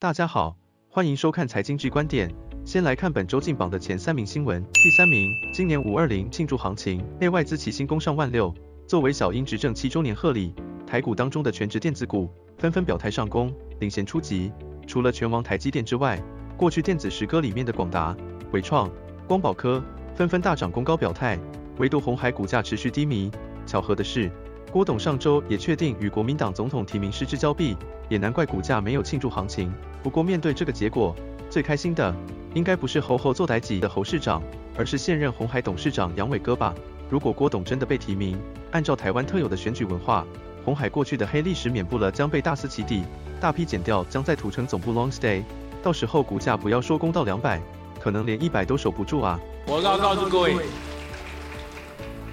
大家好，歡迎收看財經 G 觀點。先來看本周進榜的前三名新聞。第三名，今年五二零慶祝行情，內外資齊心攻上萬六。作為小英執政七周年賀禮，台股當中的權值電子股紛紛表態上攻，領銜出擊。除了權王台積電之外，過去電子十哥裡面的廣達、緯創、光寶科紛紛大漲，攻高表態。唯獨鴻海股價持續低迷。巧合的是。郭董上周也確定與國民黨總統提名失之交臂，也難怪股價沒有慶祝行情。不過，面對這個結果，最開心的應該不是猴猴作代誌的侯市長，而是現任鴻海董事長揚偉哥吧？如果郭董真的被提名，按照台灣特有的選舉文化，鴻海過去的黑歷史免不了將被大肆起底，大批檢調，將在土城總部 LONG STAY。到時候股價不要說攻到兩百，可能連一百都守不住啊！我要告訴各位，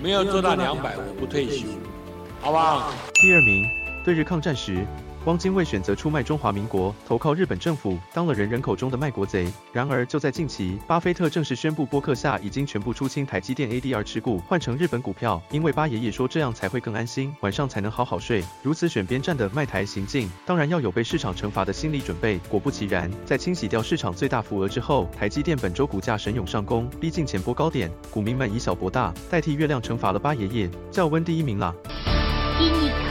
沒有做到兩百，我不退休。好吧。第二名，對日抗戰時，汪精衛選擇出賣中華民國，投靠日本政府，當了人人口中的賣國賊。然而就在近期，巴菲特正式宣布，波克夏已經全部出清台積電 ADR 持股，換成日本股票，因為巴爺爺說這樣才會更安心，晚上才能好好睡。如此選邊站的賣台行徑，當然要有被市場懲罰的心理準備。果不其然，在清洗掉市場最大浮額之後，台積電本周股價神勇上攻，逼近前波高點，股民們以小博大，代替月亮懲罰了巴爺爺，降溫第一名啦。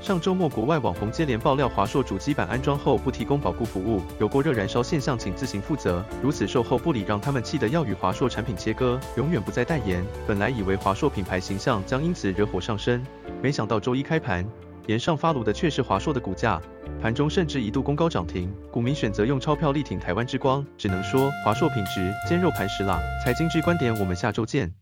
上週末，國外網紅接連爆料，華碩主機板安裝後不提供保固服務，有過熱燃燒現象，請自行負責。如此售後不理，讓他們氣得要與華碩產品切割，永遠不再代言。本來以為華碩品牌形象將因此惹火上身，沒想到周一開盤，炎上發爐的卻是華碩的股價，盤中甚至一度攻高漲停。股民選擇用鈔票力挺台灣之光，只能說華碩品質堅如磐石了。財經 G 觀點，我們下週見。